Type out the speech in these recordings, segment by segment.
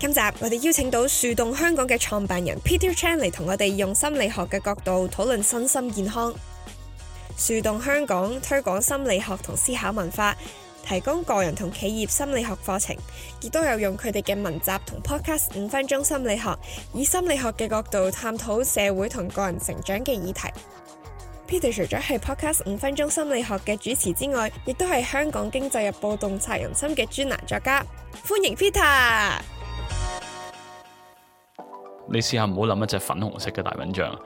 今集我哋邀請到樹洞香港嘅創辦人 Peter Chan 嚟同我哋用心理學嘅角度討論身心健康。樹洞香港推廣心理學同思考文化，提供個人同企業心理學課程，亦都有用佢哋嘅文集同 Podcast《五分鐘心理學》，以心理學嘅角度探討社會同個人成長嘅議題。Peter 除咗係 Podcast《五分鐘心理學》嘅主持之外，亦都係《香港經濟日報》洞察人心嘅專欄作家。歡迎 Peter。你試下唔好諗一隻粉紅色嘅大笨象，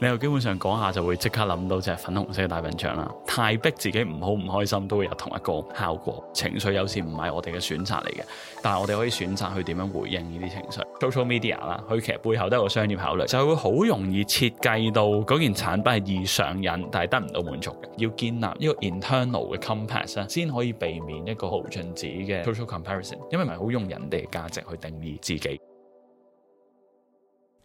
你又基本上講下就會即刻諗到隻粉紅色嘅大笨象啦。太逼自己唔好唔開心都會有同一個效果，情緒有時唔係我哋嘅選擇嚟嘅，但係我哋可以選擇去點樣回應呢啲情緒。Social media 啦，佢其實背後都有個商業考慮，就會好容易設計到嗰件產品係易上癮，但係得唔到滿足嘅。要建立一個 internal 嘅 compass 先可以避免一個好盡止嘅 social comparison，因為唔係好用人哋嘅價值去定義自己。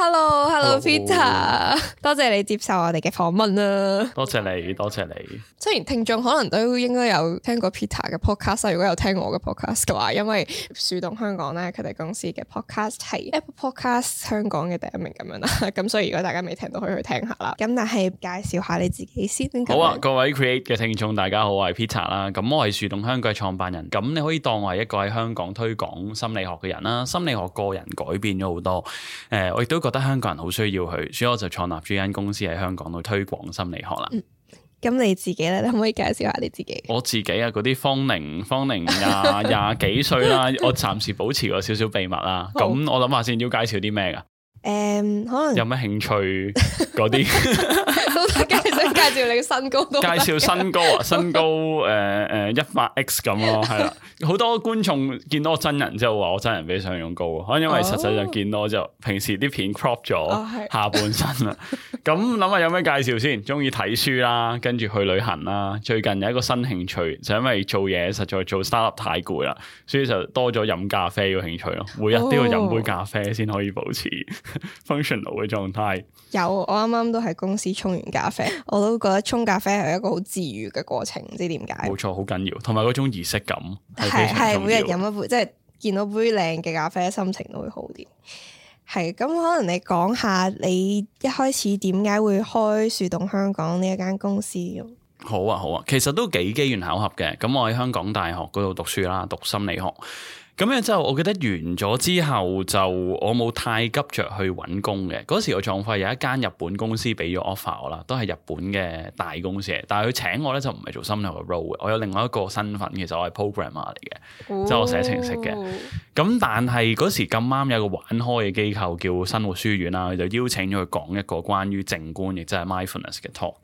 Hello，Hello，Peter，、oh。多謝你接受我哋嘅訪問啦。多謝你，多謝你。雖然聽眾可能都應該有聽過 Peter 嘅 podcast，如果有聽我嘅 podcast 嘅話，因為樹洞香港咧，佢哋公司嘅 podcast 係 Apple Podcast 香港嘅第一名咁樣啦。咁所以如果大家未聽到，可以去聽下啦。咁但係介紹下你自己先。嗯、好啊，各位 Create 嘅聽眾，大家好，我係 Peter 啦。咁、嗯、我係樹洞香港嘅創辦人。咁、嗯、你可以當我係一個喺香港推廣心理學嘅人啦。心理學個人改變咗好多。誒、呃，我亦都。覺得香港人好需要佢，所以我就創立咗間公司喺香港度推廣心理學啦。咁、嗯、你自己呢，你可唔可以介紹下你自己？我自己啊，嗰啲芳齡，芳齡廿廿幾歲啦，我暫時保持過少少秘密啦、啊。咁好我諗下先，要介紹啲咩㗎？誒、嗯，可能有咩興趣嗰啲？ 介紹你身高。介紹身高啊，身高誒誒一百 X 咁咯，啊，係啦，好多觀眾見到我真人之後話我真人比上用高，可能因為實際上見到我就平時啲片 crop 咗下半身啦，咁諗下有咩介紹先？中意睇書啦，跟住去旅行啦，最近有一個新興趣，就是，因為做嘢實在做 startup 太攰啦，所以就多咗飲咖啡個興趣咯，每日都要飲杯咖啡先可以保持 functional 嘅狀態。有，我啱啱都喺公司沖完咖啡。我都覺得沖咖啡係一個好治愈嘅過程，唔知點解。冇錯，好緊要，同埋嗰種儀式感係係每日飲一杯，即係見到杯靚嘅咖啡，心情都會好啲。係，咁可能你講下你一開始點解會開樹洞香港呢一間公司？好啊，好啊，其實都幾機緣巧合嘅。咁我喺香港大學嗰度讀書啦，讀心理學。咁樣之後，我記得完咗之後就我冇太急着去揾工嘅。嗰時我狀況有一間日本公司俾咗 offer 我啦，都係日本嘅大公司嚟。但係佢請我咧就唔係做心理嘅 role 嘅，我有另外一個身份，其實我係 programmer 嚟嘅，即係、mm。我寫程式嘅。咁但係嗰時咁啱有個玩開嘅機構叫生活書院啦，佢就邀請咗佢講一個關於靜觀，亦即係 mindfulness 嘅 talk。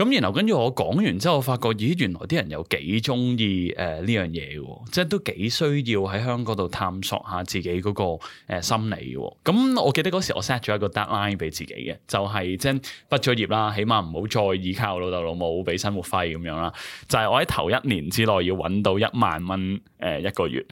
咁然後跟住我講完之後，我發覺，咦，原來啲人有幾中意誒呢樣嘢喎，即係都幾需要喺香港度探索下自己嗰、那個、呃、心理嘅、哦。咁、嗯、我記得嗰時我 set 咗一個 deadline 俾自己嘅，就係、是、即係畢咗業啦，起碼唔好再依靠老豆老母俾生活費咁樣啦。就係、是、我喺頭一年之內要揾到一萬蚊誒一個月。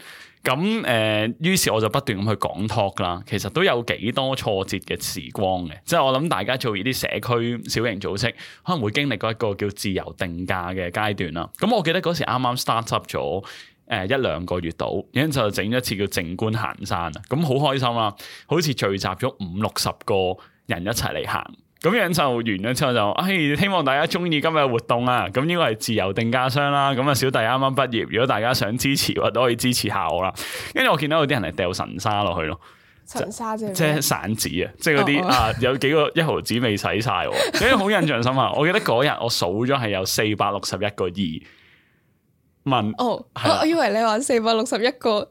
咁誒、呃，於是我就不斷咁去講 talk 啦，其實都有幾多挫折嘅時光嘅，即係我諗大家做呢啲社區小型組織，可能會經歷過一個叫自由定價嘅階段啦。咁我記得嗰時啱啱 start up 咗誒一兩個月度，然後就整一次叫靜觀行山啊，咁好開心啦，好似聚集咗五六十個人一齊嚟行。咁樣就完咗之後就，誒、哎、希望大家中意今日活動啊！咁應該係自由定價商啦，咁啊小弟啱啱畢業，如果大家想支持，或都可以支持下我啦。跟住我見到有啲人係掉神沙落去咯，神沙即係即係散紙啊，即係嗰啲啊有幾個一毫紙未使晒，跟住好印象深刻。我記得嗰日我數咗係有四百六十一個二蚊，哦，我嗎、哦、我以為你話四百六十一個。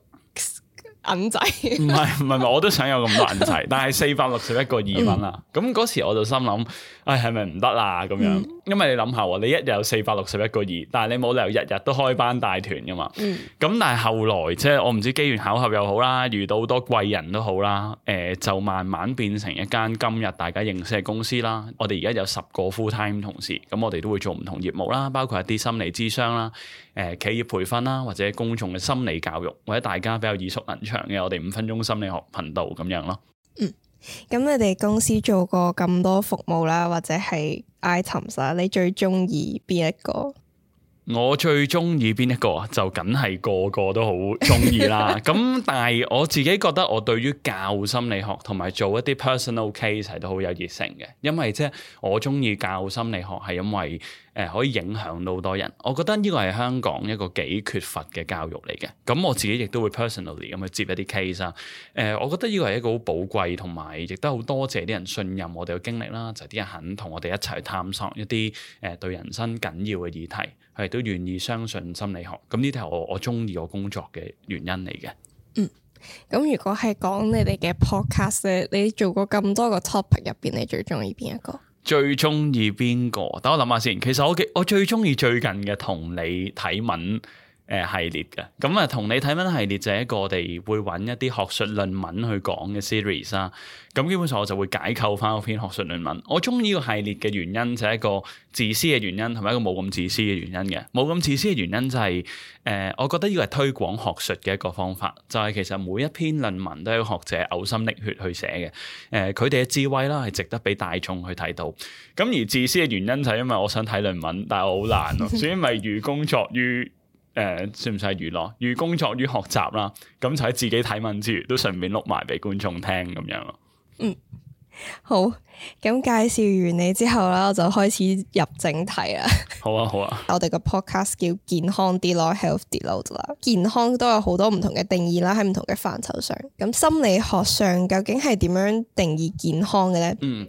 銀仔唔係，唔係我都想有咁多銀仔， 但係四百六十一個二蚊啦。咁嗰 時我就心諗。哎，係咪唔得啦？咁、啊、樣，嗯、因為你諗下喎，你一日有四百六十一個億，但係你冇理由日日都開班帶團噶嘛。咁、嗯、但係後來，即係我唔知機緣巧合又好啦，遇到多貴好多貴人都好啦，誒、呃，就慢慢變成一間今日大家認識嘅公司啦。我哋而家有十個 full time 同事，咁我哋都會做唔同業務啦，包括一啲心理諮商啦，誒、呃，企業培訓啦，或者公眾嘅心理教育，或者大家比較耳熟能詳嘅我哋五分鐘心理學頻道咁樣咯。嗯。咁你哋公司做過咁多服務啦，或者係 items 啊，你最中意邊一個？我最中意邊一個就梗係個個都好中意啦。咁 但係我自己覺得我對於教心理學同埋做一啲 personal case 都好有熱誠嘅。因為即係我中意教心理學係因為誒可以影響到好多人。我覺得呢個係香港一個幾缺乏嘅教育嚟嘅。咁我自己亦都會 personally 咁去接一啲 case 啦。誒，我覺得呢個係一個好寶貴同埋亦都好多謝啲人信任我哋嘅經歷啦。就係啲人肯同我哋一齊探索一啲誒對人生緊要嘅議題。係都願意相信心理學，咁呢啲係我我中意我工作嘅原因嚟嘅。嗯，咁如果係講你哋嘅 podcast，你做過咁多個 topic 入邊，你最中意邊一個？最中意邊個？等我諗下先。其實我我最中意最近嘅同理體文。誒，系列嘅，咁啊，同你睇翻系列就係一個我哋會揾一啲學術論文去講嘅 series 啦。咁基本上我就會解構翻嗰篇學術論文。我中意呢個系列嘅原因就係一個自私嘅原因，同埋一個冇咁自私嘅原因嘅。冇咁自私嘅原因就係、是，誒、呃，我覺得呢個係推廣學術嘅一個方法，就係、是、其實每一篇論文都係學者嘔心瀝血去寫嘅。誒、呃，佢哋嘅智慧啦，係值得俾大眾去睇到。咁而自私嘅原因就係因為我想睇論文，但係我好難咯，所以咪愚公作於。誒，算唔使娛樂，於工作於學習啦，咁就喺自己睇文之餘，都順便錄埋俾觀眾聽咁樣咯。嗯，好，咁介紹完你之後啦，我就開始入正題啦。 好啊，好啊。我哋個 podcast 叫健康啲咯，Health Delight 咯，健康都有好多唔同嘅定義啦，喺唔同嘅範疇上。咁心理學上究竟係點樣定義健康嘅咧？嗯。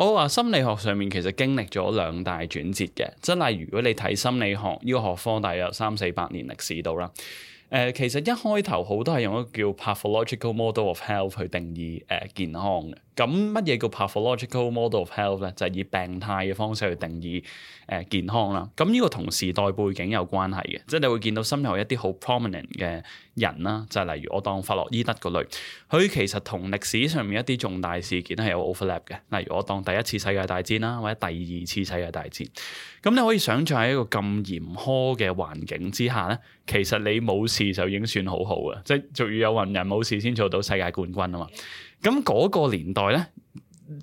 我話、oh, 啊、心理學上面其實經歷咗兩大轉折嘅，真係如果你睇心理學，呢、這個學科大約三四百年歷史度啦，誒、呃、其實一開頭好多係用一個叫 pathological model of health 去定義誒、呃、健康嘅。咁乜嘢叫 pathological model of health 咧？就係、是、以病態嘅方式去定義誒、呃、健康啦。咁呢個同時代背景有關係嘅，即係你會見到深入一啲好 prominent 嘅人啦，就係、是、例如我當佛洛伊德嗰類，佢其實同歷史上面一啲重大事件都係有 overlap 嘅。例如我當第一次世界大戰啦，或者第二次世界大戰。咁你可以想像喺一個咁嚴苛嘅環境之下咧，其實你冇事就已經算好好嘅，即係俗語有云人冇事先做到世界冠軍啊嘛。咁嗰個年代呢，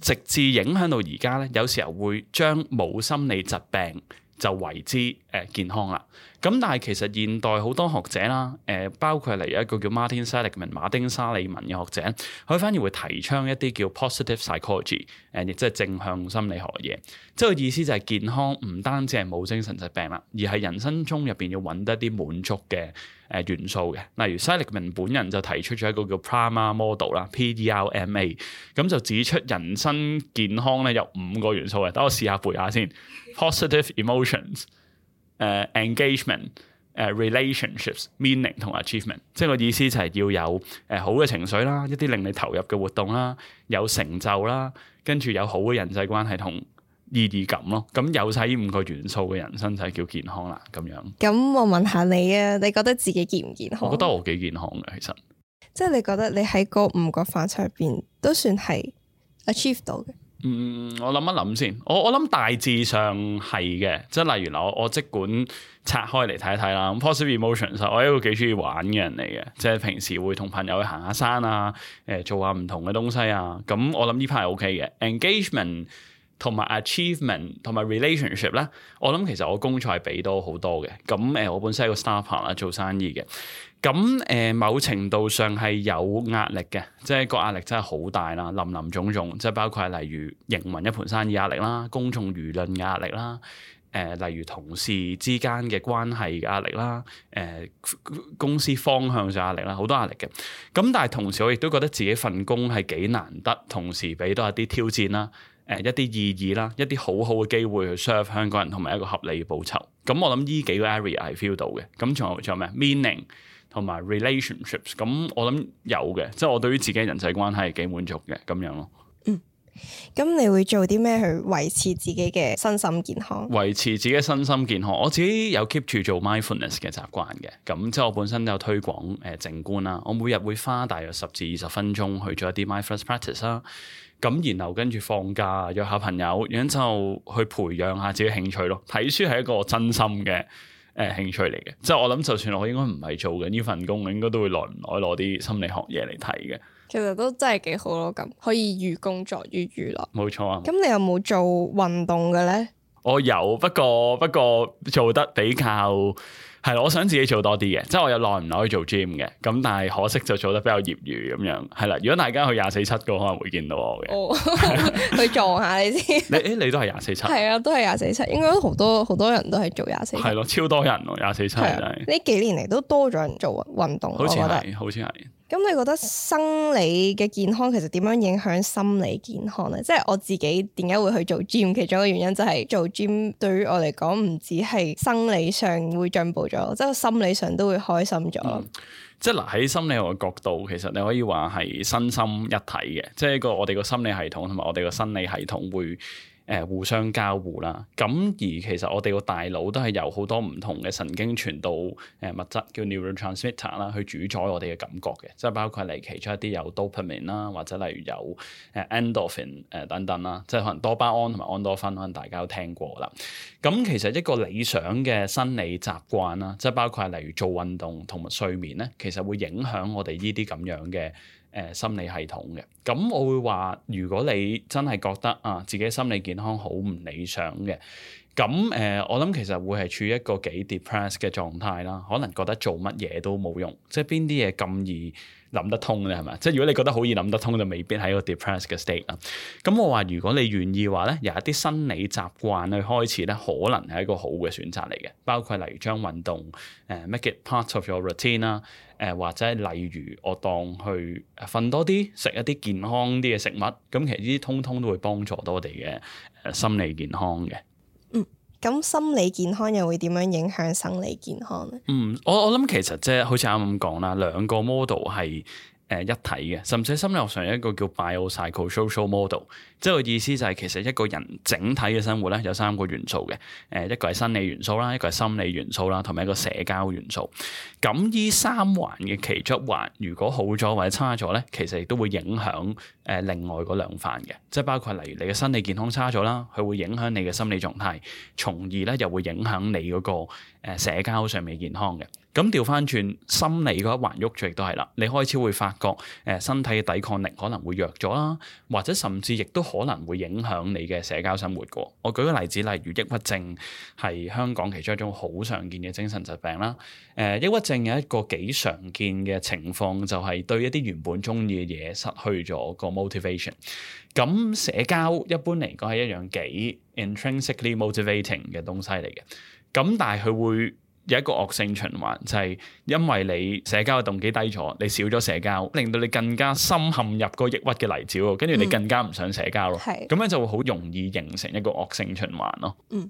直至影響到而家呢，有時候會將冇心理疾病就為之誒健康啦。咁但係其實現代好多學者啦，誒包括嚟一個叫 Martin Seligman 馬丁沙利文嘅學者，佢反而會提倡一啲叫 positive psychology，誒亦即係正向心理學嘢。即係個意思就係健康唔單止係冇精神疾病啦，而係人生中入邊要揾得啲滿足嘅誒元素嘅。例如 Seligman 本人就提出咗一個叫 PERMA model 啦，P-E-R-M-A，、e、咁就指出人生健康咧有五個元素嘅。等我試下背下先。Positive emotions，engagement，relationships，meaning、uh, uh，同 achievement，即係個意思就係要有誒好嘅情緒啦，一啲令你投入嘅活動啦，有成就啦，跟住有好嘅人際關係同意義感咯。咁、嗯、有晒呢五個元素嘅人生就叫健康啦。咁樣。咁、嗯、 我問下你啊，你覺得自己健唔健康？我覺得我幾健康嘅，其實。即係你覺得你喺嗰五個範疇入邊都算係 achieve 到嘅。嗯，我諗一諗先。我我諗大致上係嘅，即係例如嗱，我我即管拆開嚟睇一睇啦。Positive emotions，我係一個幾中意玩嘅人嚟嘅，即係平時會同朋友去行下山啊，誒，做下唔同嘅東西啊。咁我諗呢排 a 係 OK 嘅。Engagement 同埋 achievement 同埋 relationship 咧，我諗其實我工作係俾到好多嘅。咁誒，我本身係一個 startup 啊，做生意嘅。咁誒、呃，某程度上係有壓力嘅，即係個壓力真係好大啦，林林總總，即係包括例如營運一盤生意壓力啦、公眾輿論嘅壓力啦、誒、呃，例如同事之間嘅關係壓力啦、誒、呃、公司方向上壓力啦，好多壓力嘅。咁但係同時，我亦都覺得自己份工係幾難得，同時俾到一啲挑戰啦、誒、呃、一啲意義啦、一啲好好嘅機會去 serve 香港人同埋一個合理嘅報酬。咁我諗呢幾個 area 係 feel 到嘅。咁仲有仲有咩？meaning？同埋 relationships，咁我諗有嘅，即係我對於自己嘅人際關係係幾滿足嘅咁樣咯。嗯，咁你會做啲咩去維持自己嘅身心健康？維持自己嘅身心健康，我自己有 keep 住做 mindfulness 嘅習慣嘅，咁即係我本身都有推廣誒靜觀啦。我每日會花大約十至二十分鐘去做一啲 mindfulness practice 啦。咁然後跟住放假約下朋友,然後去培養下自己興趣咯。睇書係一個真心嘅。誒、嗯，興趣嚟嘅，即係我諗，就算我應該唔係做緊呢份工，我應該都會耐唔耐攞啲心理學嘢嚟睇嘅。其實都真係幾好咯，咁可以寓工作於娛樂。冇錯啊。咁你有冇做運動嘅咧？我有，不過不過做得比較，係我想自己做多啲嘅，即係我有耐唔耐去做 gym 嘅，咁但係可惜就做得比較業餘咁樣，係啦。如果大家去廿四七嘅，可能會見到我嘅，去撞下你先。你誒，你都係廿四七？係啊，都係廿四七。7, 應該好多好多人都係做廿四。係咯，超多人咯、啊，廿四七真係。呢幾年嚟都多咗人做運動，我覺得。好似係。好似係咁你覺得生理嘅健康其實點樣影響心理健康咧？即係我自己點解會去做 gym，其中一個原因就係做 gym 對於我嚟講唔只係生理上會進步咗，即係心理上都會開心咗、嗯。即係嗱喺心理學嘅角度，其實你可以話係身心一體嘅，即係一個我哋個心理系統同埋我哋個生理系統會。.誒互相交互啦，咁而其實我哋個大腦都係由好多唔同嘅神經傳導誒物質叫 neurotransmitter 啦，去主宰我哋嘅感覺嘅，即係包括嚟其中一啲有 dopamine 啦，或者例如有誒 endorphin 誒等等啦，即係可能多巴胺同埋安多芬可能大家都聽過啦。咁其實一個理想嘅生理習慣啦，即係包括係例如做運動同埋睡眠咧，其實會影響我哋呢啲咁樣嘅。誒心理系統嘅，咁我會話，如果你真係覺得啊，自己心理健康好唔理想嘅，咁誒、呃，我諗其實會係處於一個幾 depressed 嘅狀態啦。可能覺得做乜嘢都冇用，即係邊啲嘢咁易諗得通咧？係咪？即係如果你覺得好易諗得通，就未必係一個 depressed 嘅 state 啦。咁我話，如果你願意話咧，由一啲心理習慣去開始咧，可能係一個好嘅選擇嚟嘅，包括例如將運動、啊、make it part of your routine 啦。誒或者例如我當去瞓多啲，食一啲健康啲嘅食物，咁其實呢啲通通都會幫助到我哋嘅心理健康嘅。嗯，咁心理健康又會點樣影響生理健康咧？嗯，我我諗其實即係好似啱啱咁講啦，兩個 model 係誒一體嘅，甚至心理學上有一個叫 biopsychosocial model。即係個意思就係其實一個人整體嘅生活咧有三個元素嘅，誒一個係生理元素啦，一個係心理元素啦，同埋一個社交元素。咁依三環嘅其中一環如果好咗或者差咗咧，其實亦都會影響誒另外嗰兩環嘅，即係包括例如你嘅身體健康差咗啦，佢會影響你嘅心理狀態，從而咧又會影響你嗰個誒社交上面健康嘅。咁調翻轉心理一環喐住亦都係啦，你開始會發覺誒身體嘅抵抗力可能會弱咗啦，或者甚至亦都。可能會影響你嘅社交生活嘅喎。我舉個例子，例如抑鬱症係香港其中一種好常見嘅精神疾病啦。誒、呃，抑鬱症有一個幾常見嘅情況就係、是、對一啲原本中意嘅嘢失去咗個 motivation。咁社交一般嚟講係一樣幾 intrinsically motivating 嘅東西嚟嘅。咁但係佢會。有一個惡性循環，就係、是、因為你社交嘅動機低咗，你少咗社交，令到你更加深陷入個抑鬱嘅泥沼，跟住你更加唔想社交咯。係咁、嗯、樣就會好容易形成一個惡性循環咯。嗯，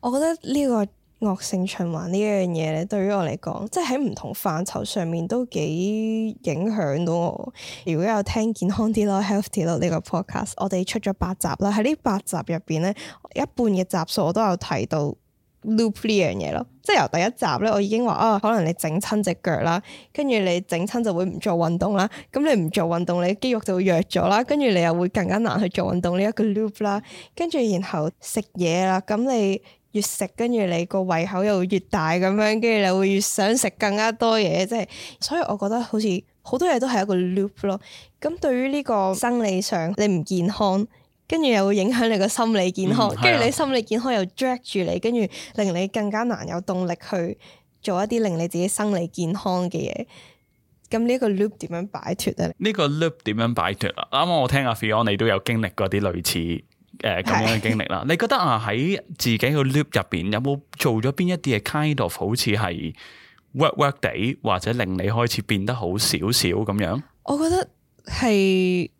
我覺得呢個惡性循環呢樣嘢咧，對於我嚟講，即係喺唔同範疇上面都幾影響到我。如果有聽健康啲咯、Healthy 咯呢個 Podcast，我哋出咗八集啦，喺呢八集入邊咧，一半嘅集數我都有提到。loop 呢樣嘢咯，即係由第一集咧，我已經話啊、哦，可能你整親隻腳啦，跟住你整親就會唔做運動啦，咁你唔做運動，你肌肉就會弱咗啦，跟住你又會更加難去做運動呢一、呢個 loop 啦，跟住然後食嘢啦，咁你越食跟住你個胃口又越大咁樣，跟住你會越想食更加多嘢，即係所以我覺得好似好多嘢都係一個 loop 咯，咁對於呢個生理上你唔健康。跟住又會影響你個心理健康，跟住、嗯、你心理健康又 drag 住你，跟住、嗯、令你更加難有動力去做一啲令你自己生理健康嘅嘢。咁呢個 loop 點樣擺脱呢？呢個 loop 點樣擺脱？啱啱我聽阿 Fiona 你都有經歷過啲類似誒咁、呃、樣嘅經歷啦。 你覺得啊喺自己個 loop 入邊有冇做咗邊一啲嘅 kind of 好似係 work work 地，或者令你開始變得好少少咁樣？我覺得係。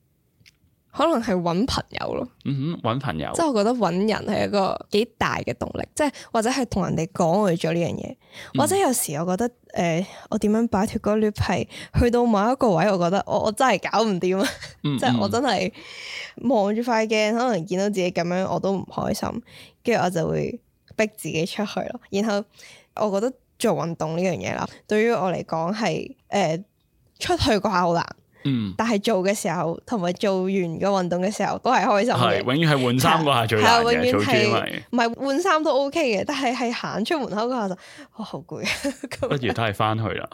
可能係揾朋友咯，嗯哼，揾朋友。即係我覺得揾人係一個幾大嘅動力，即係或者係同人哋講我做呢樣嘢，嗯、或者有時我覺得誒、呃，我點樣擺脫嗰啲皮去到某一個位，我覺得我我真係搞唔掂啊！嗯嗯嗯 即係我真係望住塊鏡，可能見到自己咁樣，我都唔開心，跟住我就會逼自己出去咯。然後我覺得做運動呢樣嘢啦，對於我嚟講係誒出去啩好難。嗯，但係做嘅時候同埋做完個運動嘅時候都係開心，係永遠係換衫嗰下最大嘅，係唔係換衫都 OK 嘅，但係係行出門口嗰下就好攰， 不如都係翻去啦，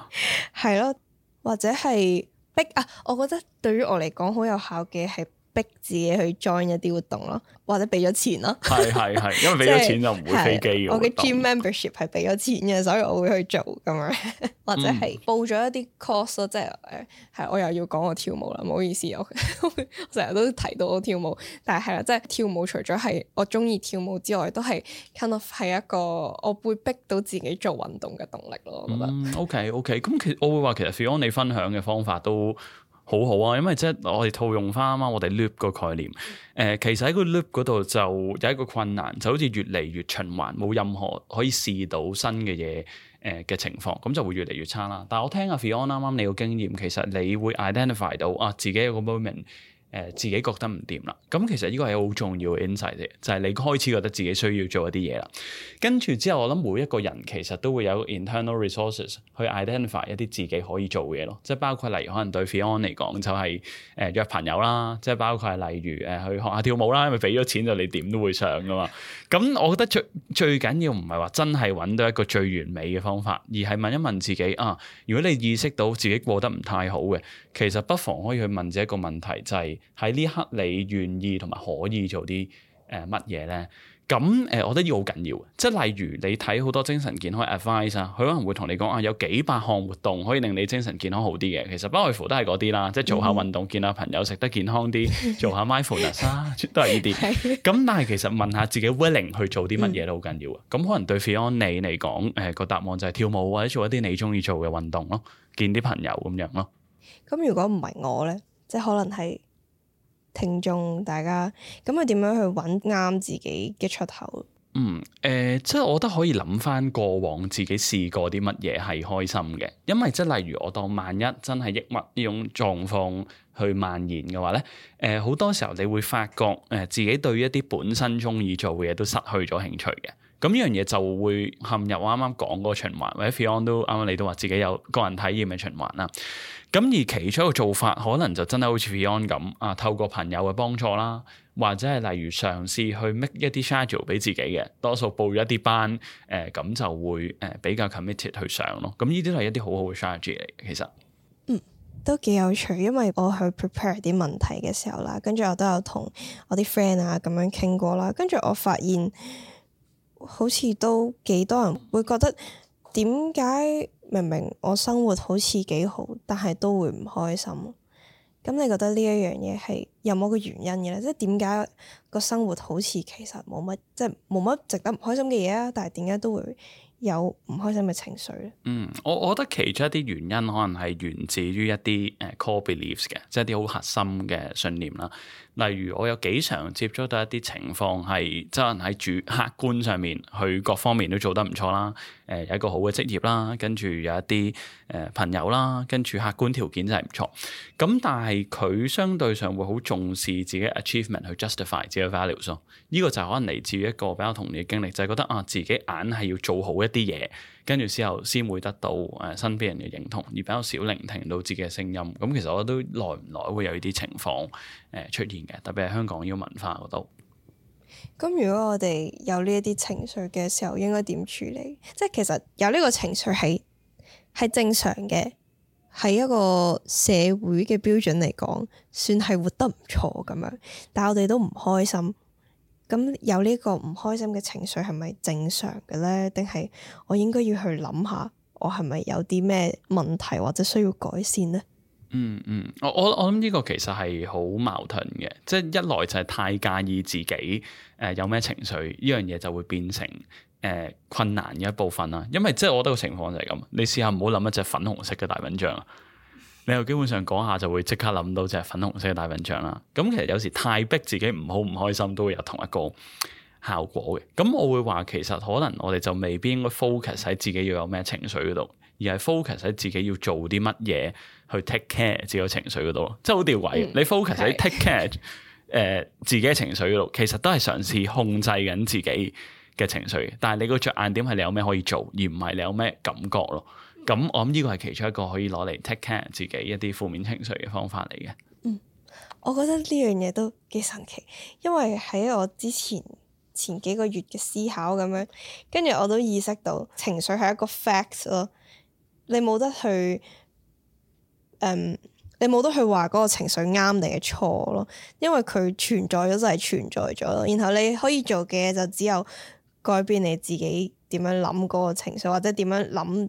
係咯，或者係逼啊，我覺得對於我嚟講好有效嘅係。逼自己去 join 一啲活動咯，或者俾咗錢咯。係係係，因為俾咗錢就唔會飛機嘅。 就是、我嘅 gym membership 係俾咗錢嘅， 所以我會去做咁樣，或者係報咗一啲 course，即係誒係我又要講我跳舞啦，唔好意思，我成日 都提到我跳舞，但係係啦，即係跳舞除咗係我中意跳舞之外，都係 kind of 係一個我會逼到自己做運動嘅動力咯。我覺得。OK，OK，咁其實我會話，其實 Fion 你分享嘅方法都。好好啊，因為即係我哋套用翻啱啱我哋 loop 個概念，誒、呃、其實喺個 loop 嗰度就有一個困難，就好似越嚟越循環，冇任何可以試到新嘅嘢誒嘅情況，咁就會越嚟越差啦。但係我聽阿、啊、Fiona 啱啱你個經驗，其實你會 identify 到啊自己有個 moment。誒自己覺得唔掂啦，咁其實呢個係好重要嘅 insight 就係你開始覺得自己需要做一啲嘢啦。跟住之後，我諗每一個人其實都會有 internal resources 去 identify 一啲自己可以做嘅嘢咯，即係包括例如可能對 Fiona 嚟講就係、是、誒、呃、約朋友啦，即係包括係例如誒、呃、去學下跳舞啦，因為俾咗錢就你點都會上噶嘛。咁、嗯、我覺得最最緊要唔係話真係揾到一個最完美嘅方法，而係問一問自己啊，如果你意識到自己過得唔太好嘅，其實不妨可以去問自己一個問題，就係、是。喺呢刻你願意同埋可以做啲誒乜嘢咧？咁、呃、誒、呃，我覺得要好緊要。即係例如你睇好多精神健康 advice 啊，佢可能會同你講啊，有幾百項活動可以令你精神健康好啲嘅。其實不外乎都係嗰啲啦，即係做下運動、見下朋友、食得健康啲、做下 mindfulness 都係呢啲。咁但係其實問下自己 willing 去做啲乜嘢都好緊要嘅。咁、 嗯、可能對 Fiona 你嚟講，誒、呃、個答案就係跳舞或者做一啲你中意做嘅運動咯，見啲朋友咁樣咯。咁如果唔係我咧，即係可能係。聽眾大家咁啊，點樣去揾啱自己嘅出口？嗯，誒、呃，即係我覺得可以諗返過往自己試過啲乜嘢係開心嘅。因為即係例如我當萬一真係抑鬱呢種狀況去蔓延嘅話咧，誒、呃、好多時候你會發覺誒自己對一啲本身鍾意做嘅嘢都失去咗興趣嘅，咁呢樣嘢就會陷入我啱啱講嗰個循環，或者 Fion 都啱啱你都話自己有個人體驗嘅循環啦。咁而其中一個做法，可能就真係好似 Beyond 咁啊，透過朋友嘅幫助啦，或者係例如嘗試去 make 一啲 schedule 俾自己嘅，多數報咗一啲班，誒、呃、咁就會誒比較 committed 去上咯。咁呢啲係一啲好好嘅 schedule 嚟嘅，其實。嗯，都幾有趣，因為我去 prepare 啲問題嘅時候啦，跟住我都有同我啲 friend 啊咁樣傾過啦，跟住我發現好似都幾多人會覺得點解？明明我生活好似幾好，但係都會唔開心。咁你覺得呢一樣嘢係有冇個原因嘅咧？即係點解個生活好似其實冇乜，即係冇乜值得唔開心嘅嘢啊？但係點解都會有唔開心嘅情緒咧？嗯，我我覺得其中一啲原因可能係源自於一啲誒 core beliefs 嘅，即係啲好核心嘅信念啦。例如我有幾常接觸到一啲情況，係真係喺主客觀上面，佢各方面都做得唔錯啦。誒、呃，有一個好嘅職業啦，跟住有一啲誒、呃、朋友啦，跟住客觀條件真係唔錯。咁但係佢相對上會好重視自己 achievement 去 justify 自己 values 囉。呢個就可能嚟自於一個比較童年嘅經歷，就係、是、覺得啊，自己硬係要做好一啲嘢。跟住之後，先會得到誒身邊人嘅認同，而比較少聆聽到自己嘅聲音。咁其實我覺得都耐唔耐會有呢啲情況誒出現嘅，特別係香港呢個文化嗰度。咁如果我哋有呢一啲情緒嘅時候，應該點處理？即係其實有呢個情緒係係正常嘅，喺一個社會嘅標準嚟講，算係活得唔錯咁樣，但係我哋都唔開心。咁有呢個唔開心嘅情緒係咪正常嘅咧？定係我應該要去諗下，我係咪有啲咩問題或者需要改善咧？嗯嗯，我我我諗呢個其實係好矛盾嘅，即係一來就係太介意自己誒有咩情緒，呢樣嘢就會變成誒困難嘅一部分啦。因為即係我覺得個情況就係咁，你試下唔好諗一隻粉紅色嘅大蚊帳啊！你又基本上講下就會即刻諗到隻粉紅色嘅大笨象啦。咁其實有時太逼自己唔好唔開心都會有同一個效果嘅。咁我會話其實可能我哋就未必應該 focus 喺自己要有咩情緒嗰度，而係 focus 喺自己要做啲乜嘢去 take care 自己嘅情緒嗰度。即係好調位，你 focus 喺 take care 誒自己嘅情緒嗰度，其實都係嘗試控制緊自己嘅情緒。但係你個着眼點係你有咩可以做，而唔係你有咩感覺咯。咁我諗呢個係其中一個可以攞嚟 take care 自己一啲負面情緒嘅方法嚟嘅。嗯，我覺得呢樣嘢都幾神奇，因為喺我之前前幾個月嘅思考咁樣，跟住我都意識到情緒係一個 fact 咯，你冇得去，誒、um，你冇得去話嗰個情緒啱定係錯咯，因為佢存在咗就係存在咗咯。然後你可以做嘅就只有改變你自己點樣諗嗰個情緒，或者點樣諗。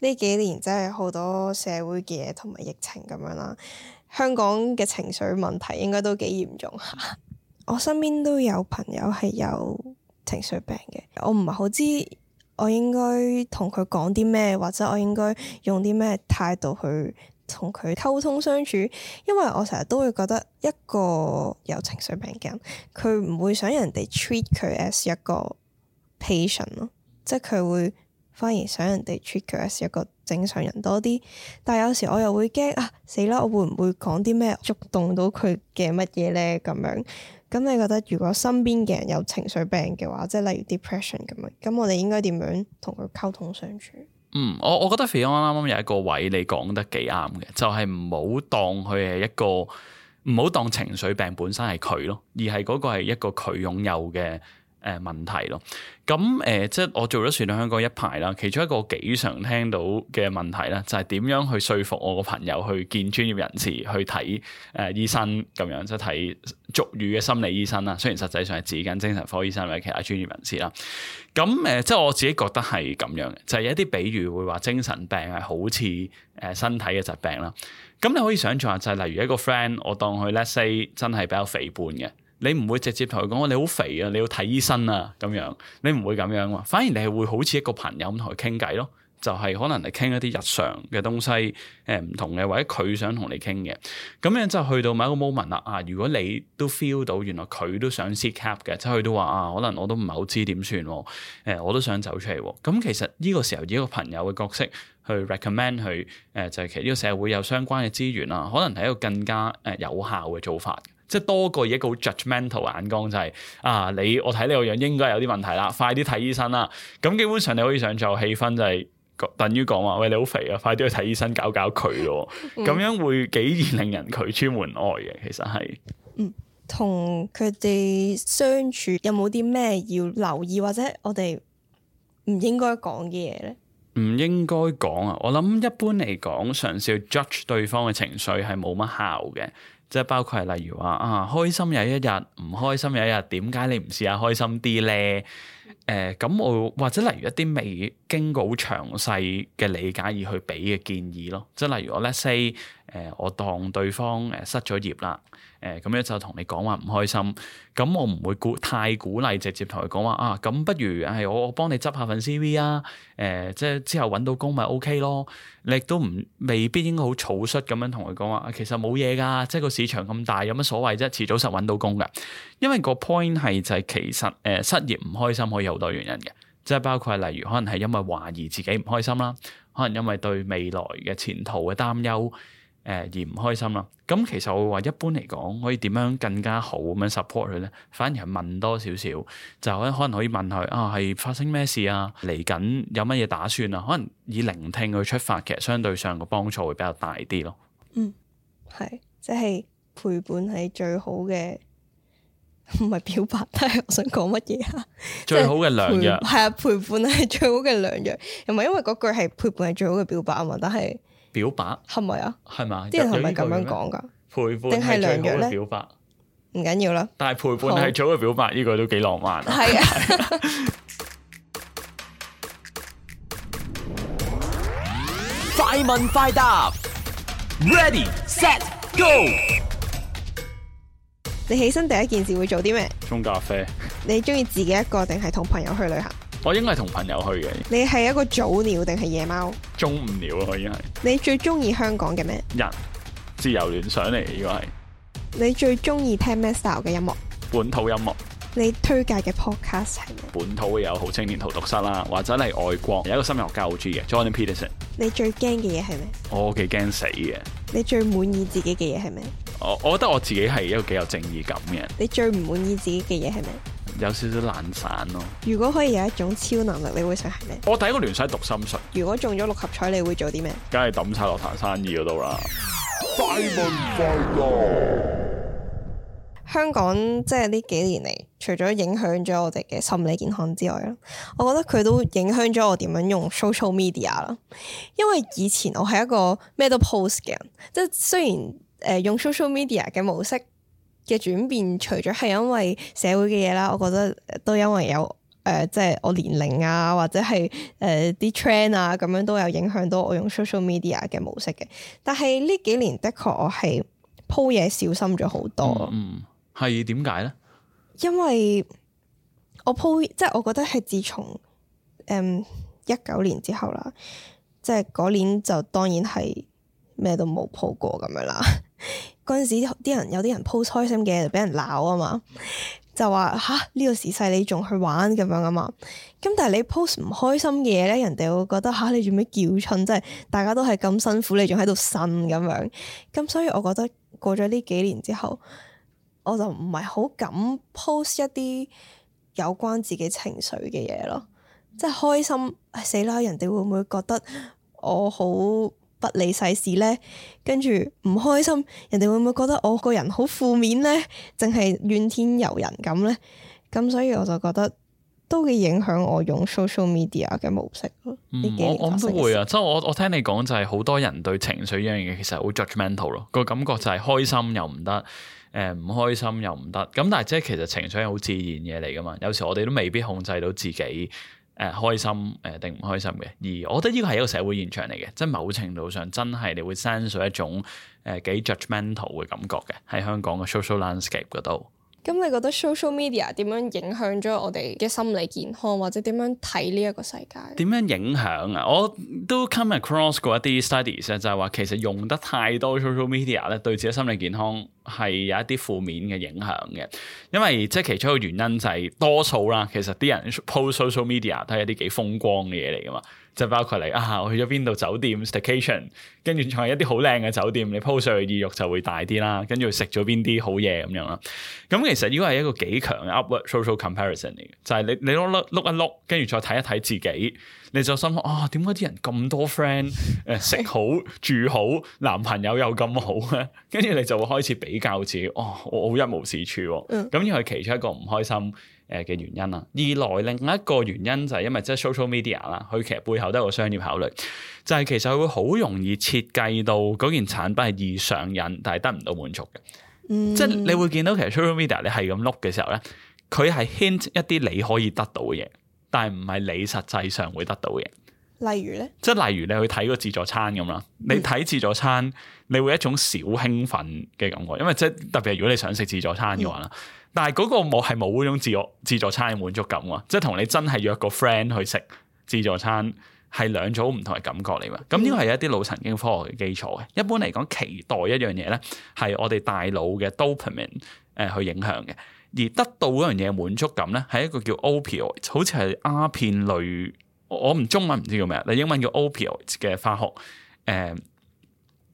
呢幾年真係好多社會嘅嘢，同埋疫情咁樣啦，香港嘅情緒問題應該都幾嚴重下 我身邊都有朋友係有情緒病嘅，我唔係好知我應該同佢講啲咩，或者我應該用啲咩態度去同佢溝通相處。因為我成日都會覺得一個有情緒病嘅人，佢唔會想人哋 treat 佢 as 一個 patient 咯，即係佢會。反而想人哋 treat 佢 as 一個正常人多啲，但係有時我又會驚：「啊死啦！我會唔會講啲咩觸動到佢嘅乜嘢呢？」咁樣？咁你覺得如果身邊嘅人有情緒病嘅話，即係例如 depression 咁樣，咁我哋應該點樣同佢溝通相處？嗯，我我覺得肥安啱啱有一個位，你講得幾啱嘅，就係唔好當佢係一個唔好當情緒病本身係佢咯，而係嗰個係一個佢擁有嘅誒問題咯，咁誒、呃、即係我做咗樹洞香港一排啦，其中一個我幾常聽到嘅問題咧，就係、是、點樣去説服我個朋友去見專業人士去睇誒、呃、醫生咁樣，即係睇俗語嘅心理醫生啦。雖然實際上係指緊精神科醫生或者其他專業人士啦。咁誒、呃、即係我自己覺得係咁樣嘅，就係、是、有一啲比喻會話精神病係好似誒身體嘅疾病啦。咁你可以想象下就係、是、例如一個 friend，我當佢 let's say 真係比較肥胖嘅。你唔會直接同佢講，你好肥啊，你要睇醫生啊咁樣，你唔會咁樣啊，反而你係會好似一個朋友咁同佢傾偈咯，就係、是、可能你傾一啲日常嘅東西，誒唔同嘅或者佢想同你傾嘅，咁樣就去到某一個 moment 啦啊，如果你都 feel 到原來佢都想 seek help 嘅，即係佢都話啊，可能我都唔係好知點算喎，我都想走出嚟喎，咁、啊、其實呢個時候以一個朋友嘅角色去 recommend 佢，誒、啊，就係、是、其實呢個社會有相關嘅資源啦、啊，可能係一個更加誒有效嘅做法。即係多過一個好 judgmental 眼光，就係、是、啊，你我睇你個樣應該有啲問題啦，快啲睇醫生啦。咁基本上你可以想像氣氛就係、是、等於講話，喂，你好肥啊，快啲去睇醫生搞搞佢咯。咁、嗯、樣會幾易令人拒出門外嘅，其實係。嗯，同佢哋相處有冇啲咩要留意，或者我哋唔應該講嘅嘢咧？唔應該講啊！我諗一般嚟講，嘗試 judge 對方嘅情緒係冇乜效嘅。即係包括係例如話啊，開心有一日，唔開心有一日，點解你唔試下開心啲咧？誒、呃、咁我或者例如一啲未經過好詳細嘅理解而去俾嘅建議咯。即係例如我咧 say 誒，我當對方誒失咗業啦。誒咁樣就同你講話唔開心，咁我唔會鼓太鼓勵，直接同佢講話啊。咁不如係我我幫你執下份 CV 啊。誒、呃、即係之後揾到工咪 OK 咯。你都唔未必應該好草率咁樣同佢講話，其實冇嘢噶。即係個市場咁大，有乜所謂啫？遲早實揾到工噶。因為個 point 係就係、是、其實誒、呃、失業唔開心可以好多原因嘅，即係包括例如可能係因為懷疑自己唔開心啦，可能因為對未來嘅前途嘅擔憂。誒而唔開心啦，咁其實我話一般嚟講，可以點樣更加好咁樣 support 佢咧？反而係問多少少就可可能可以問佢啊，係發生咩事啊？嚟緊有乜嘢打算啊？可能以聆聽去出發，其實相對上個幫助會比較大啲咯。嗯，係即係陪伴係最好嘅，唔係表白。但係我想講乜嘢啊？ 最好嘅良藥係啊，陪伴係最好嘅良藥，又唔係因為嗰句係陪伴係最好嘅表白啊嘛，但係。表白係咪啊？係嘛，啲人係咪咁樣講噶？陪伴定係兩樣咧？表白唔緊要啦，但係陪伴係最好嘅表白，呢個都幾浪漫啊！係啊！快問快答，Ready，Set，Go！你起身第一件事會做啲咩？沖咖啡。你中意自己一個定係同朋友去旅行？我應該係同朋友去嘅。你係一個早鳥定係夜貓？中午鳥啊，應該係。你最中意香港嘅咩？人，自由聯想嚟，應該係。你最中意聽咩 style 嘅音樂？本土音樂。你推介嘅 podcast 係咩？本土嘅有《好青年荼毒室》啦，或者係外國有一個心理學家好中意嘅 Jordan Peterson。你最驚嘅嘢係咩？我幾驚死嘅。你最滿意自己嘅嘢係咩？我我覺得我自己係一個幾有正義感嘅。你最唔滿意自己嘅嘢係咩？有少少懶散咯。如果可以有一種超能力，你會想係咩？我第一個聯想讀心術。如果中咗六合彩，你會做啲咩？梗係抌晒落壇生意嗰度啦。香港即係呢幾年嚟，除咗影響咗我哋嘅心理健康之外啦，我覺得佢都影響咗我點樣用 social media 啦。因為以前我係一個咩都 post 嘅人，即係雖然誒、呃、用 social media 嘅模式嘅轉變，除咗係因為社會嘅嘢啦，我覺得都因為有誒即係我年齡啊，或者係誒啲、呃、trend 啊咁樣都有影響到我用 social media 嘅模式嘅。但係呢幾年的確我係鋪嘢小心咗好多。嗯。嗯。係點解咧？為呢因為我 post 即係我覺得係自從誒一九年之後啦，即係嗰年就當然係咩都冇 post 過咁樣啦。嗰 陣時啲人有啲人 post 開心嘅嘢，就俾人鬧啊嘛，就話吓呢個時勢你仲去玩咁樣啊嘛。咁但係你 post 唔開心嘅嘢咧，人哋會覺得吓你做咩叫春，即係大家都係咁辛苦，你仲喺度呻咁樣。咁所以我覺得過咗呢幾年之後。我就唔係好敢 post 一啲有關自己情緒嘅嘢咯，即係開心死啦，哎！人哋會唔會覺得我好不理世事呢？跟住唔開心，人哋會唔會覺得我個人好負面呢？淨係怨天尤人咁呢。咁所以我就覺得都幾影響我用 social media 嘅模式咯。嗯、幾我我都會啊！即係我我聽你講就係好多人對情緒呢樣嘢其實好 judgmental 咯，個感覺就係開心又唔得。誒唔、嗯、開心又唔得，咁但係即係其實情緒係好自然嘢嚟噶嘛，有時我哋都未必控制到自己誒、呃、開心誒定唔開心嘅，而我覺得呢個係一個社會現象嚟嘅，即係某程度上真係你會 sense 到一種誒幾 judgmental 嘅感覺嘅喺香港嘅 social landscape 嗰度。咁你覺得 social media 點樣影響咗我哋嘅心理健康，或者點樣睇呢一個世界？點樣影響啊？我都 come across 過一啲 studies 咧，就係話其實用得太多 social media 咧，對自己心理健康係有一啲負面嘅影響嘅。因為即係其中一個原因就係多數啦，其實啲人 post social media 都係一啲幾風光嘅嘢嚟噶嘛。即係包括你啊，我去咗邊度酒店 staycation，跟住仲係一啲好靚嘅酒店，你 post 上去意欲就會大啲啦。跟住食咗邊啲好嘢咁樣啦。咁其實如果係一個幾強嘅 upward social comparison 嚟嘅，就係你你碌一碌，跟住再睇一睇自己，你就心諗啊，點解啲人咁多 friend 誒食好住好，男朋友又咁好咧？跟住你就會開始比較自己，哦，我好一無是處啊。咁因為其中一個唔開心，誒嘅原因啦，二來另一個原因就係因為即係 social media 啦，佢其實背後都有個商業考慮，就係其實佢會好容易設計到嗰件產品係易上癮，但係得唔到滿足嘅。嗯，即係你會見到其實 social media 你係咁碌嘅時候咧，佢係 hint 一啲你可以得到嘅嘢，但係唔係你實際上會得到嘅嘢。例如咧，即係例如你去睇個自助餐咁啦。嗯、你睇自助餐，你會一種小興奮嘅感覺，因為即係特別係如果你想食自助餐嘅話啦。嗯、但係嗰個冇係冇嗰種自助自助餐嘅滿足感喎，即係同你真係約個 friend 去食自助餐係兩組唔同嘅感覺嚟嘛。咁呢個係一啲腦神經科學嘅基礎嘅。一般嚟講，期待一樣嘢咧，係我哋大腦嘅 dopamine 誒去影響嘅，而得到嗰樣嘢滿足感咧，係一個叫 opioid，好似係鴉片類。我唔中文唔知叫咩，你英文叫 opioids 嘅化學誒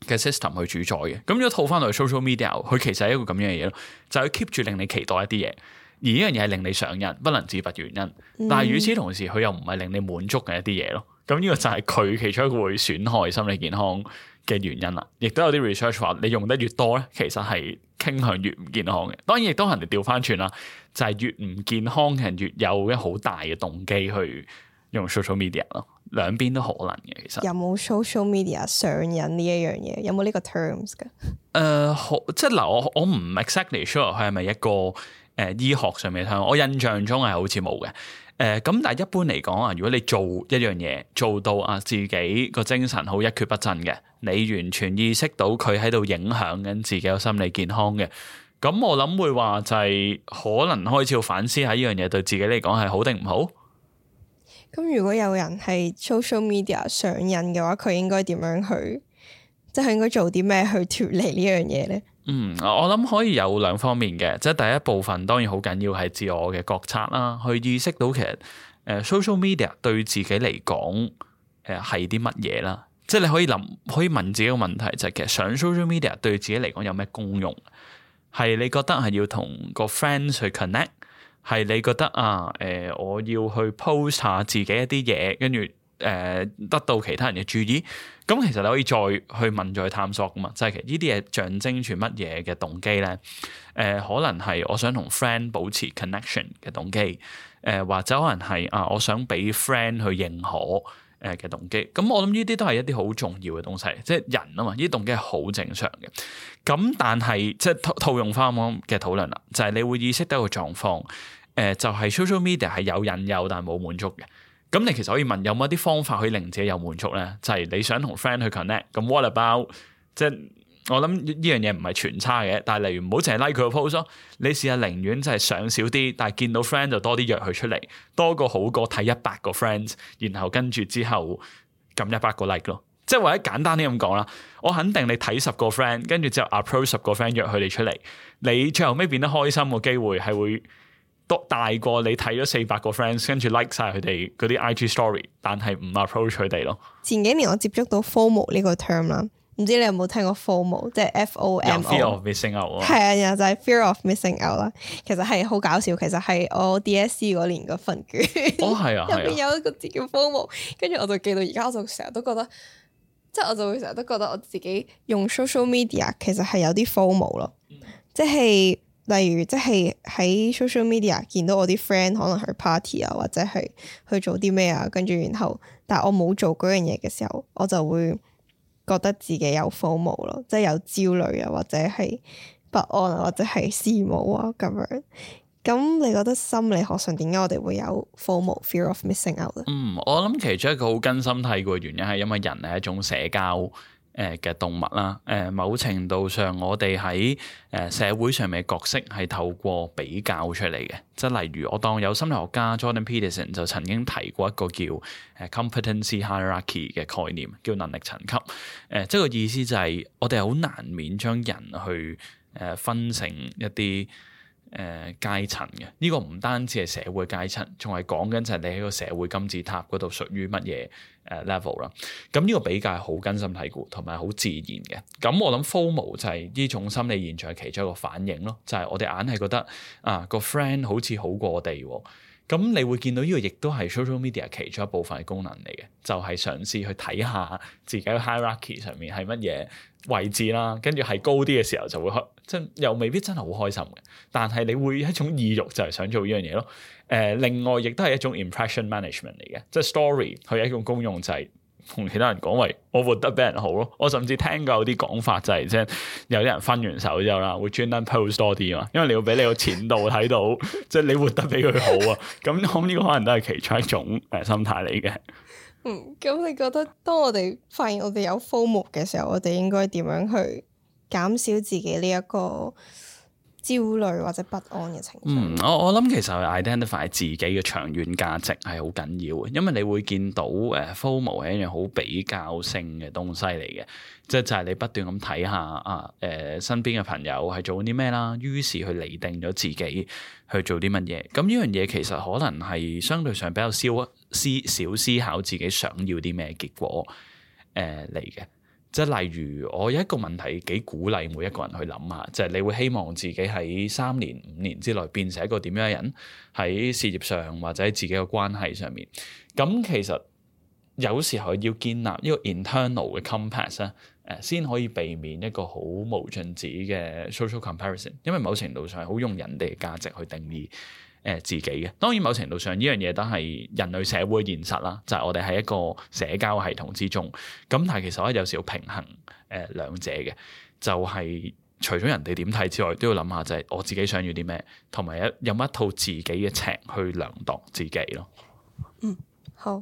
嘅 system 去主宰嘅，咁呢一套翻去 social media，佢其實係一個咁樣嘅嘢咯，就係 keep 住令你期待一啲嘢，而呢樣嘢係令你上癮、不能自拔原因。但係與此同時，佢又唔係令你滿足嘅一啲嘢咯。咁呢個就係佢其中一個會損害心理健康嘅原因啦。亦都有啲 research 話，你用得越多咧，其實係傾向越唔健康嘅。當然，亦都係人哋調翻轉啦，就係、是、越唔健康嘅人越有一好大嘅動機去。用 social media 咯，兩邊都可能嘅，其實。有冇 social media 上癮呢一樣嘢？有冇呢個 terms 噶？誒，好，即係嗱，我我唔 exactly sure 佢係咪一個誒、呃、醫學上面睇，我印象中係好似冇嘅。誒、呃，咁但係一般嚟講啊，如果你做一樣嘢做到啊自己個精神好一蹶不振嘅，你完全意識到佢喺度影響緊自己個心理健康嘅，咁我諗會話就係可能開始要反思下呢樣嘢對自己嚟講係好定唔好。咁如果有人係 social media 上癮嘅話，佢應該點樣去？即係佢應該做啲咩去脫離呢樣嘢呢？嗯，我諗可以有兩方面嘅，即係第一部分當然好緊要係自我嘅覺察啦，去意識到其實 social media 對自己嚟講誒係啲乜嘢啦。即係你可以諗，可以問自己個問題就係，其實上 social media 對自己嚟講有咩功用？係你覺得係要同個 friend 去 connect？係你覺得啊？誒、呃，我要去 post 下自己一啲嘢，跟住誒得到其他人嘅注意。咁其實你可以再去問、再去探索啊嘛。即係其實呢啲嘢象徵住乜嘢嘅動機咧？誒、呃，可能係我想同 friend 保持 connection 嘅動機。誒、呃，或者可能係啊，我想俾 friend 去認可。誒嘅動機，咁我諗呢啲都係一啲好重要嘅東西，即係人啊嘛，呢啲動機係好正常嘅。咁但係即係套用翻我嘅討論啦，就係、是、你會意識到個狀況，誒、呃、就係 social media 係有引誘但係冇滿足嘅。咁你其實可以問有冇一啲方法去令自己有滿足咧？就係、是、你想同 friend 去 connect，咁 what about 即係？我諗呢樣嘢唔係全差嘅，但係例如唔好淨係 like 佢個 post 咯，你試下寧願即係上少啲，但係見到 friend 就多啲約佢出嚟，多過好過睇一百個 friends，然後跟住之後撳一百個 like 咯，即係或者簡單啲咁講啦，我肯定你睇十個 friend，跟住之後 approach 十個 friend 約佢哋出嚟，你最後尾變得開心個機會係會多大過你睇咗四百個 friends，跟住 like 晒佢哋嗰啲 IG story，但係唔 approach 佢哋咯。前幾年我接觸到 formal 呢個 term 啦。唔知你有冇聽過 FOMO，即係 F-O-M-O。係啊，然後就係 Fear of Missing Out 啦、啊就是。其實係好搞笑，其實係我 DSE 嗰年嗰份卷。哦，係啊。入邊有一個字叫 FOMO，跟住我就記到而家，我就成日都覺得，即、就、係、是、我就會成日都覺得我自己用 social media 其實係有啲 FOMO 咯。即係例如，即係喺 social media 見到我啲 friend 可能去 party 啊，或者去去做啲咩啊，跟住然後，但我冇做嗰樣嘢嘅時候，我就會。覺得自己有 FOMO 咯，即係有焦慮啊，或者係不安啊，或者係羨慕啊咁樣。咁你覺得心理學上點解我哋會有 FOMO fear of missing out 咧？嗯，我諗其中一個好根深蒂固嘅原因係因為人係一種社交。誒嘅動物啦，誒、呃、某程度上我哋喺誒社會上面嘅角色係透過比較出嚟嘅，即係例如我當有心理學家 Jordan Peterson 就曾經提過一個叫誒 competency hierarchy 嘅概念，叫能力層級，誒、呃、即係個意思就係我哋好難免將人去誒、呃、分成一啲。誒、呃、階層嘅呢、這個唔單止係社會階層，仲係講緊就係你喺個社會金字塔嗰度屬於乜嘢誒 level 啦。咁、嗯、呢、這個比較係好根深蒂固，同埋好自然嘅。咁、嗯、我諗 FOMO 就係呢種心理現象其中一個反應咯，就係、是、我哋硬係覺得啊個 friend 好似好過我哋喎、哦。咁、嗯、你會見到呢個亦都係 social media 其中一部分嘅功能嚟嘅，就係嘗試去睇下自己嘅 hierarchy 上面係乜嘢。位置啦，跟住係高啲嘅時候就會開，即又未必真係好開心嘅。但係你會一種意欲就係想做呢樣嘢咯。誒、呃，另外亦都係一種 impression management 嚟嘅，即係 story 佢有一種功用就係同其他人講為我活得比人好咯。我甚至聽過有啲講法就係、是、即係有啲人分完手之後啦，會專登 post 多啲嘛，因為你要俾你個前度睇到， 即係你活得比佢好啊。咁呢個可能都係其中一種誒心態嚟嘅。嗯，咁你覺得當我哋發現我哋有科目嘅時候，我哋應該點樣去減少自己呢、這、一個？焦慮或者不安嘅情緒。嗯，我我諗其實 identify 自己嘅長遠價值係好緊要嘅，因為你會見到誒，FOMO 係一樣好比較性嘅東西嚟嘅，即係就係、是、你不斷咁睇下啊，誒、呃，身邊嘅朋友係做啲咩啦，於是去擬定咗自己去做啲乜嘢。咁呢樣嘢其實可能係相對上比較少思少思考自己想要啲咩結果誒嚟嘅。呃即係例如，我有一個問題幾鼓勵每一個人去諗下，就係你會希望自己喺三年五年之內變成一個點樣嘅人？喺事業上或者喺自己嘅關係上面，咁其實有時候要建立一個 internal 嘅 compass 咧，誒，先可以避免一個好無盡止嘅 social comparison，因為某程度上係好用人哋嘅價值去定義。誒、呃、自己嘅，當然某程度上呢樣嘢都係人類社會嘅現實啦，就係、是、我哋喺一個社交系統之中，咁但係其實我有少少平衡誒兩、呃、者嘅，就係、是、除咗人哋點睇之外，都要諗下就係我自己想要啲咩，同埋一有一套自己嘅尺去量度自己咯。嗯。好，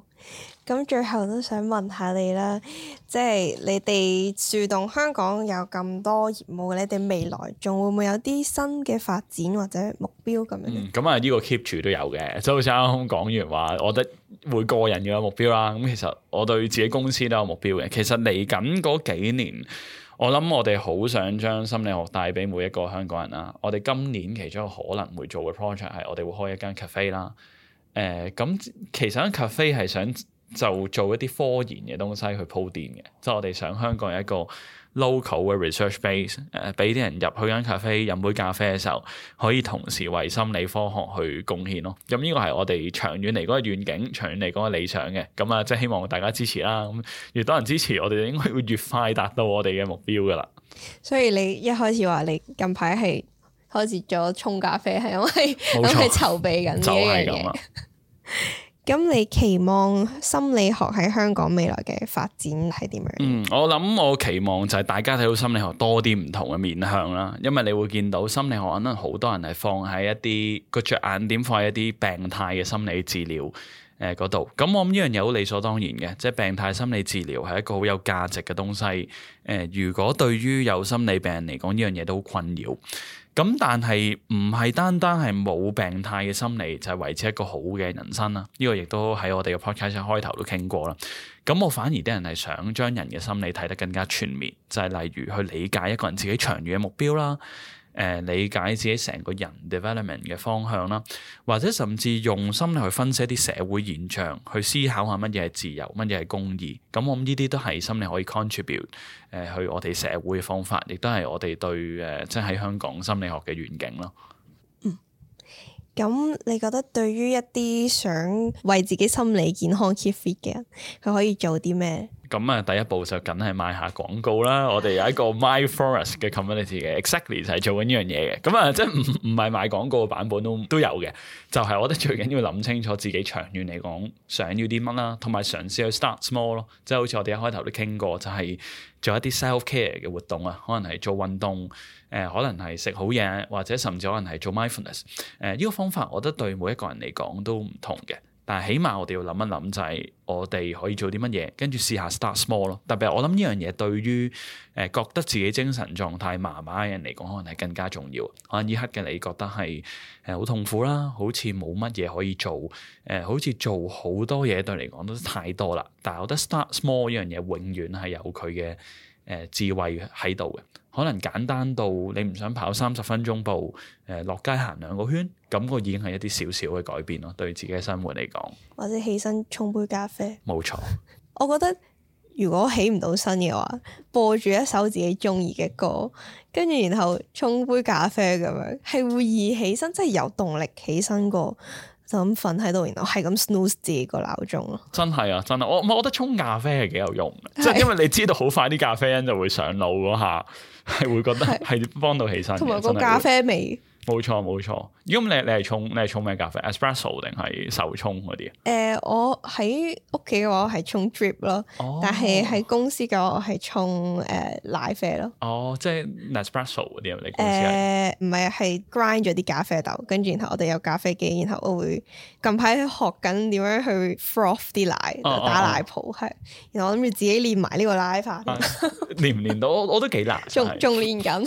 咁最後都想問下你啦，即係你哋樹洞香港有咁多業務，你哋未來仲會唔會有啲新嘅發展或者目標，咁、嗯、樣？咁啊，呢、呢個 keep 住都有嘅。就好似啱啱講完話，我覺得每個人要有目標啦。咁其實我對自己公司都有目標嘅。其實嚟緊嗰幾年，我諗我哋好想將心理學帶俾每一個香港人啊。我哋今年其中可能會做嘅 project 係，我哋會開一間 cafe 啦。誒咁、嗯，其實喺 c a f 係想就做一啲科研嘅東西去鋪墊嘅，即、就、係、是、我哋想香港有一個 local 嘅 research base，誒、呃，俾啲人入去間咖啡 f 飲杯咖啡嘅時候，可以同時為心理科學去貢獻咯。咁呢個係我哋長遠嚟嗰個遠景，長遠嚟講係理想嘅。咁、嗯、啊，即係希望大家支持啦。咁、嗯、越多人支持，我哋應該會越快達到我哋嘅目標噶啦。所以你一開始話你近排係開始咗沖咖啡，係因為咁係錯籌備緊呢一樣嘢。咁你期望心理學喺香港未來嘅發展係點樣？嗯，我諗我期望就係大家睇到心理學多啲唔同嘅面向啦，因為你會見到心理學可能好多人係放喺一啲個着眼點放喺一啲病態嘅心理治療誒嗰度，咁、呃嗯嗯嗯、我諗呢樣嘢好理所當然嘅，即係病態心理治療係一個好有價值嘅東西。誒、呃，如果對於有心理病人嚟講，呢樣嘢都好困擾。咁但係唔係單單係冇病態嘅心理就係維持一個好嘅人生啦，呢個亦都喺我哋嘅 podcast 一開頭都傾過啦。咁我反而啲人係想將人嘅心理睇得更加全面，就係例如去理解一個人自己長遠嘅目標啦。誒理解自己成個人 development 嘅方向啦，或者甚至用心去分析一啲社會現象，去思考下乜嘢係自由，乜嘢係公義。咁我諗呢啲都係心理可以 contribute 誒去我哋社會嘅方法，亦都係我哋對誒即係喺香港心理學嘅願景咯。咁你覺得對於一啲想為自己心理健康 keep fit 嘅人，佢可以做啲咩？咁啊，第一步就梗係賣下廣告啦。我哋有一個 My Forest 嘅 community 嘅 ，exactly 就係做緊呢樣嘢嘅。咁啊，即係唔唔係賣廣告嘅版本都都有嘅，就係我覺得最緊要諗清楚自己長遠嚟講想要啲乜啦，同埋嘗試去 start small 咯。即係好似我哋一開頭都傾過，就係。做一啲 self care 嘅活動啊，可能係做運動，誒、呃、可能係食好嘢，或者甚至可能係做 mindfulness，誒呢、呃這個方法，我覺得對每一個人嚟講都唔同嘅。但係起碼我哋要諗一諗，就係我哋可以做啲乜嘢，跟住試下 start small 咯。特別係我諗呢樣嘢對於誒覺得自己精神狀態麻麻嘅人嚟講，可能係更加重要。可能呢刻嘅你覺得係誒好痛苦啦，好似冇乜嘢可以做，誒好似做好多嘢對你嚟講都太多啦。但係我覺得 start small 呢樣嘢永遠係有佢嘅誒智慧喺度嘅。可能簡單到你唔想跑三十分鐘步，誒、呃、落街行兩個圈，咁個已經係一啲少少嘅改變咯，對自己嘅生活嚟講。或者起身沖杯咖啡。冇錯， 我覺得如果起唔到身嘅話，播住一首自己中意嘅歌，跟住然後沖杯咖啡咁樣，係會易起身，即係有動力起身過。就咁瞓喺度，然後係咁 snooze 自己個鬧鐘咯。真係啊，真係我唔係我覺得沖咖啡係幾有用，即係是因為你知道好快啲咖啡因就會上腦嗰下，係會覺得係幫到起身，同埋個咖啡味。冇錯冇錯，如果你你係衝你係衝咩咖啡，espresso 定係手衝嗰啲？誒，我喺屋企嘅話，我係衝 drip 咯，但係喺公司嘅話我係衝誒奶啡咯。哦，即係 espresso 嗰啲啊？你公司唔係係 grind 咗啲咖啡豆，跟住然後我哋有咖啡機，然後我會近排學緊點樣去 froth 啲奶打奶泡，係，然後我諗住自己練埋呢個拉花。練唔練到？我我都幾難，仲仲練緊。